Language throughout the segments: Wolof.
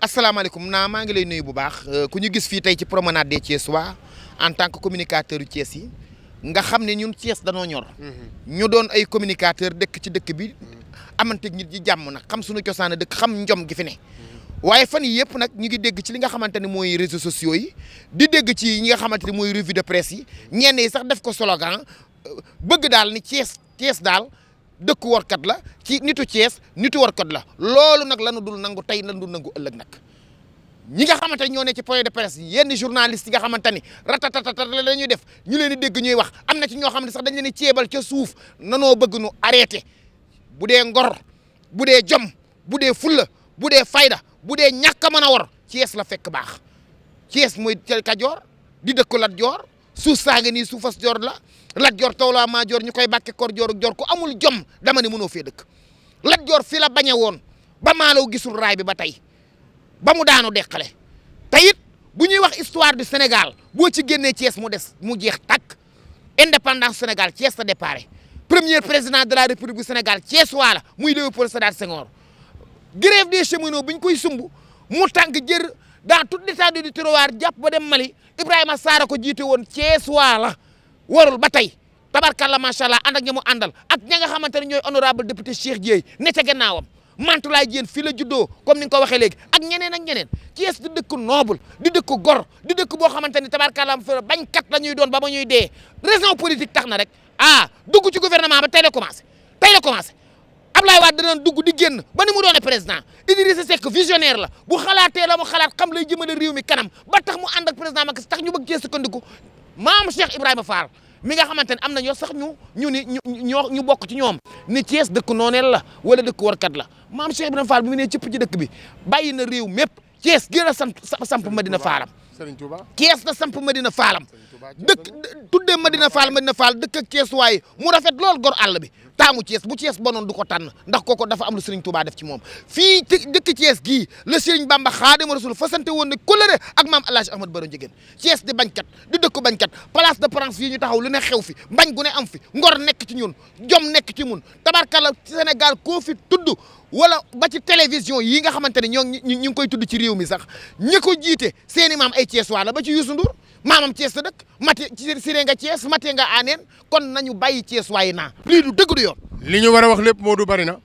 asalaamaaleykum naa maa ngi lay nuyu bu baax euh, ku ñu gis fii tey ci de des Thiessois en tant que communicateur yu Thiès yi nga xam ne ñun Thiès danoo ñor. Mhm. ñu doon ay communicateur dëkk ci dëkk bi. amante nit ñi jàmm nag xam suñu cosaan dëkk xam njom gi fi ne. Mhm. waaye fan yi yëpp nag ñu ngi dégg ci li nga xamante ne mooy réseau sociaux yi di dégg ci ñi nga xamante ne mooy revue de presse yi ñenn yi sax def ko slogan euh, bëgg daal ni Thiès Thiès daal dëkku warkat la ci nitu Thiès nitu warkat la loolu nag lanu dul nangu tey lanu dul nangu ëllëg nag ñi nga xamante ñoo ne ci point de presse yenn journaliste yi nga xamante ni ratatata la ñuy def ñu leen di dégg ñuy wax am na ci ñoo xam ne sax dañ leen di ceebal ca suuf nanoo bëgg nu arrêté bu dee ngor bu dee jom bu dee fulla bu dee fayda bu dee ñàkk a mën a war Thiès la fekk baax Thiès mooy Kajoor di dëkku Lat Joor suuf saa nga nii suufas joor la Lat Joor tawlaa maa joor ñu koy bàkke kor joor ak joor ku amul jom dama ne mënoo fee dëkk Lat Joor fi la bañe woon ba maalaw gisul raay bi ba tey ba mu daanu deqale te bu ñuy wax histoire du Sénégal boo ci génnee Thiès mu des mu jeex tàkk indépendance Sénégal Thiès la départ premier président de la République du Sénégal Thiès waa la muy Léopold Sédar Senghor grève des cheminots bu ñu koy sumb mu tànk jër dans toute l'état du tiroir jàpp ba dem Mali Ibrahima Sarr ko jiite won Cees waa la warul ba tey tabarkalla macha allah ànd ak ñi mu àndal ak ña nga xamante ne ñooy honorable député Cheikh Dieye ne ca gannaawam Mantoulaye Diène fii la juddoo comme ni nga ko waxee léegi ak ñeneen ak ñeneen Thiès di dëkk noble di dëkk gor di dëkk boo xamante ni tabarkàllaam fa bañkat la ñuy doon ba ma ñuy dee raison politique tax na rek ah dugg ci gouvernement ba tey la Ablaye Wade danañ dugg di génn ba ni mu doone président Idrissa Seck visionnaire la bu xalaatee la mu xalaat xam lay jëmale réew mi kanam ba tax mu ànd ak président Macky tax ñu bëgg cee sukkandiku maam Cheikh Ibrahima Fall mi nga xamante ne am na ñoo sax ñu ñu ni ñoo ñu bokk ci ñoom ni Thiès dëkk nooneel la wala dëkk warkat la maam Cheikh Ibrahima Fall bi mu nee cëpp ci dëkk bi bàyyi na réew mépp Thiès gën a samp samp Madina Faalam Thiès la samp Madina Faalam dëkk tuddee Madina Faal Madina Faal dëkk ak Thiès waaye mu rafet lool gor àll bi taamu Thiès bu Thiès bonoon du ko tànn ndax koko dafa am lu Serigne Touba def ci moom fii dëkk Thiès gii la Serigne Bamba Xaadimu Rasul fasante woon ne kóllëre ak maam Alaaji Ahmad Baro Njëgéen Thiès di bañkat di dëkk bañkat place de France fii ñu taxaw lu ne xew fi mbañ gu am fi ngor nekk ci ñun jom nekk ci mun tabar tabarkalla Sénégal koo fi tudd wala ba ci télévision yi nga xamante ne ñoo ñu ngi koy tudd ci réew mi sax ñi ko jiite seen maam ay Thiès waa la ba ci Youssou Ndour maamam Thiès sa dëkk mate siré nga Thiès matee nga aaneen kon nañu bàyyi Thiès waaye naa lii du dëgg du yoon li ñu war a wax lépp moo du bari na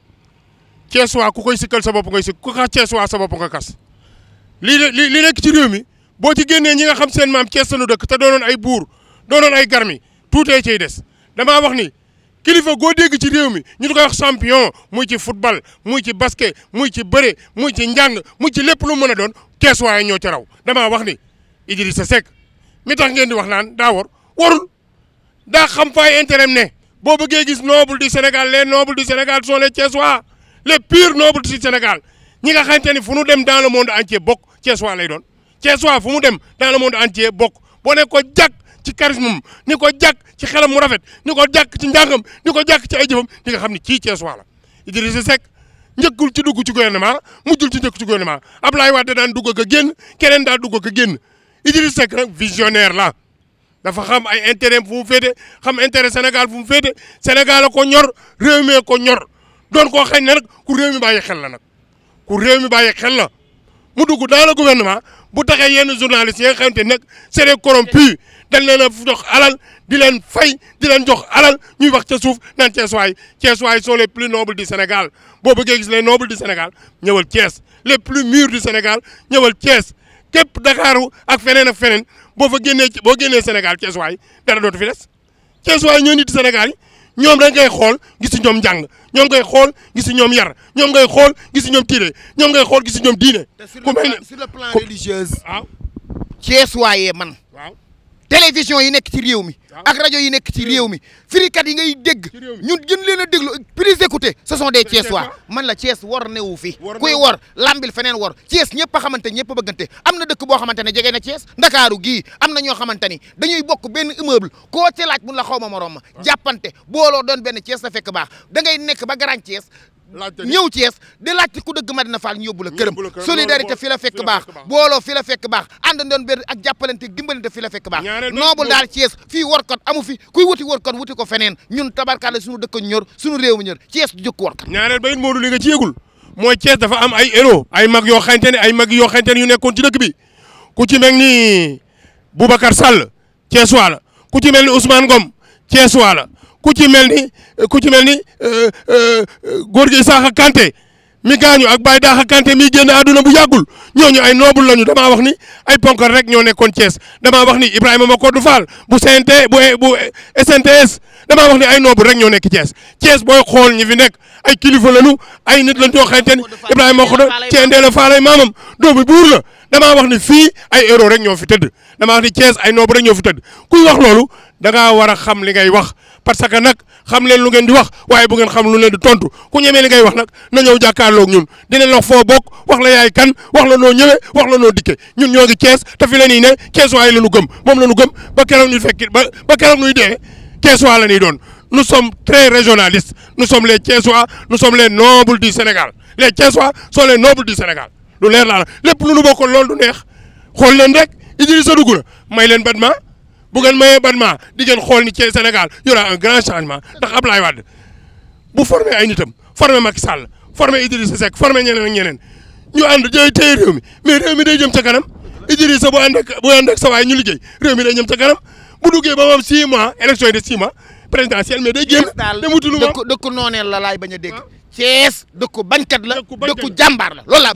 Thiès waa ku koy sikkal sa bopp ngay sikk ku xas Thiès waa sa bopp nga kas lii li li ci réew mi boo ci génnee ñi nga xam seen maam Thiès sanu dëkk te doonoon ay buur doonoon ay garmi tuutee cay des damaa wax ni kilifa goo dégg ci réew mi ñu di koy wax champion muy ci football muy ci basket muy ci bëre muy ci njàng muy ci lépp lu mën a doon kees waaye ñoo ca raw damaa wax ni Idrissa Seck mi tax ngeen di wax naan daa war warul daa xam faay intérêt ne boo bëggee gis noble du Sénégal les nobles du Sénégal sont les Thiessois les purs di du Sénégal ñi nga xamante ni fu nu dem dans le monde entier bokk Thiessois lay doon Thiessois fu mu dem dans le monde entier bokk boo ne ko jàkk ci charisme am ni ko jàkk ci xelam mu rafet ni ko jàkk ci njàngam ni ko jàkk ci ay jëfam di nga xam ni kii Thiessois la Idrissa Seck njëkkul ci dugg ci gouvernement mujjul ci njëkk ci gouvernement Ablaye Wade daan dugg ak a génn keneen dugg ak a génn Idriss Seck nag visionnaire la dafa xam ay intérêt fu mu féete xam intérêt Sénégal fu mu féete Sénégal ko ñor réew mi ko ñor doon ko xañ ne nag ku réew mi bàyyi xel la nag ku réew mi bàyyi xel la mu dugg dans le gouvernement bu taxee yenn journalistes yi nga xamante ne c'est des corrompus dañ leen a jox alal di leen fay di leen jox alal ñuy wax ca suuf naan Thiessois Thiessois sont les plus nobles du Sénégal boo bëggee gis les nobles du Sénégal ñëwal Thiès les plus mûrs du Sénégal ñëwal Thiès. képp Dakaaru ak feneen ak feneen boo fa génnee boo génnee Sénégal Cees waay dara dootu fi des Cees waay ñoo nit Sénégal ñoom dañ koy xool gis si ñoom njàng ñoom ngay xool gis si ñoom yar ñoom ngay xool gis si ñoom tiire ñoom ngay xool gis si ñoom diine. ku mel ne sur le plan religieux. waaw Cees waayee man. waaw télévision yi nekk ci réew mi ak rajo yi nekk ci réew mi kat yi ngay dégg ñun gën leen a déglu plus écouté ce sont des Thiessois man la Thiès war newu fi kuy war lambil feneen war Thiès ñëpp a xamante ñëpp a bëggante am na dëkk boo xamante ne jege na Thiès ndakaaru gi am na ñoo xamante ni dañuy bokk benn immeuble koo ci laaj mun la xaw ma moroom ma jàppante booloo doon benn Thiès la fekk baax dangay nekk ba grand Thiès ñëw Thiès di laajte ku dëgg Madina Fall ñu yóbbu la këram solidarité fi la fekk baax booloo fi la fekk baax a benn ak jàppalante dimbalante fi la fekk baax noobul daal Thiès fii warkat amu fi kuy wuti warkat wuti ko feneen ñun tabarkaale suñu dëkk ñor suñu réew mi ñor Thiès du jëkk warkat ñaareel ba it Modou li nga ci yëgul mooy Thiès dafa am ay héros ay mag yoo xamante ne ay mag yoo xamante ne yu nekkoon ci dëkk bi ku ci mel ni Boubacar Sall Thiès waa la ku ci mel ni Ousmane Ngom Thiès waa ku ci mel ni ku ci mel ni euh, euh, góor gi Isaaxa Kanté mi gaañu ak Baye Daaxa Kanté mi génn àdduna bu yàggul ñu ay noobul lañu damaa wax ni ay ponkal rek ñoo nekkoon Thiès damaa wax ni Ibrahima Makodou faal bu CNT bu bu SNTS damaa wax ni ay noobul rek ñoo nekk Thiès Thiès booy xool ñi fi nekk ay kilifa lañu ay nit lañ ñoo xamante ni Ibrahima Makodou Thiès Ndéla Fall ay maamam doomu buur la. damaa wax ne fii ay euro rek ñoo fi tëdd damaa wax ne Thiès ay noobu rek ñoo fi tëdd kuy wax loolu da ngaa a xam li ngay wax parce que nag xam leen lu ngeen di wax waaye bu ngeen xam lu leen di tontu ku ñemee li ngay wax nag na ñëw jàkkaarloog ñun dinañ la wax foo bokk wax la yaay kan wax la noo ñëwee wax la noo dikke ñun ñoo ngi Thiès te fi la ñuy ne Thiès waaye la ñu gëm moom la ñu gëm ba keroog ñu fekki ba ba keroog ñuy dee Thiès waa la ñuy doon nous som très régionalistes nous sommes les Thiessois nous sommes les nobles du Sénégal les Thiessois sont les nobles du Sénégal lu leer laa la lépp lu nu bokkoon loolu du neex xool leen rek Idrissa dugg may leen Batma bu ngeen mayee Batma di ngeen xool ni ci Sénégal y aura un grand changement ndax Ablaye Wade bu formé ay nitam formé Macky Sall formé Idrissa Seck formé ñeneen ak ñeneen ñu ànd jëy téye mi mais réew mi day jëm ca kanam Idrissa bu ànd ak bu ànd ak sa waay ñu liggéey réew mi day jëm ca kanam bu duggee ba moom 6 mois élection yi de 6 mois présidentielle mais day génn. dem wutu lu ma dëkku dëkku nooneel la laay bañ a dégg. Cees dëkku bañkat la dëkku jàmbaar la loolu